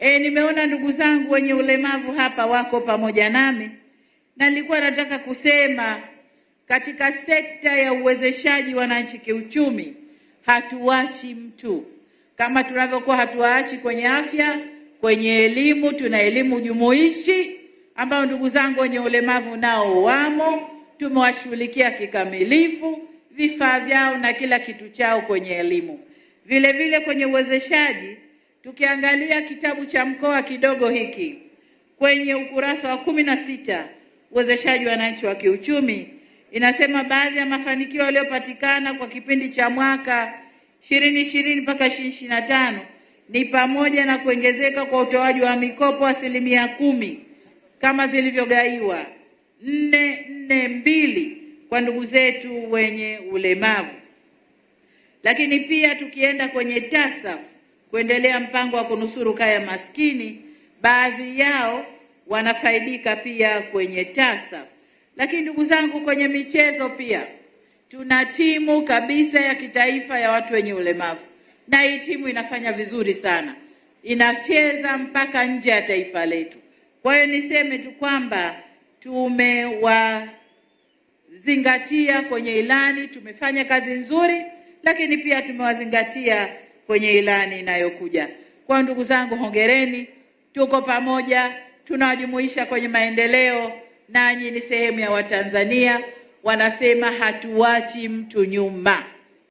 E, nimeona ndugu zangu wenye ulemavu hapa wako pamoja nami, na nilikuwa nataka kusema katika sekta ya uwezeshaji wananchi kiuchumi, hatuachi mtu kama tunavyokuwa hatuwaachi kwenye afya, kwenye elimu. Tuna elimu jumuishi ambayo ndugu zangu wenye ulemavu nao wamo, tumewashughulikia kikamilifu, vifaa vyao na kila kitu chao kwenye elimu. Vile vile kwenye uwezeshaji Tukiangalia kitabu cha mkoa kidogo hiki kwenye ukurasa wa kumi na sita uwezeshaji wa wananchi wa kiuchumi, inasema baadhi ya mafanikio yaliyopatikana kwa kipindi cha mwaka 2020 mpaka 2025 ni pamoja na kuongezeka kwa utoaji wa mikopo asilimia kumi kama zilivyogaiwa nne nne mbili kwa ndugu zetu wenye ulemavu, lakini pia tukienda kwenye tasafu kuendelea mpango wa kunusuru kaya maskini. Baadhi yao wanafaidika pia kwenye TASAF. Lakini ndugu zangu, kwenye michezo pia tuna timu kabisa ya kitaifa ya watu wenye ulemavu, na hii timu inafanya vizuri sana, inacheza mpaka nje ya taifa letu. Kwa hiyo niseme tu kwamba tumewazingatia kwenye ilani, tumefanya kazi nzuri, lakini pia tumewazingatia kwenye ilani inayokuja. Kwa ndugu zangu, hongereni, tuko pamoja, tunawajumuisha kwenye maendeleo, nanyi ni sehemu ya Watanzania. Wanasema hatuwachi mtu nyuma.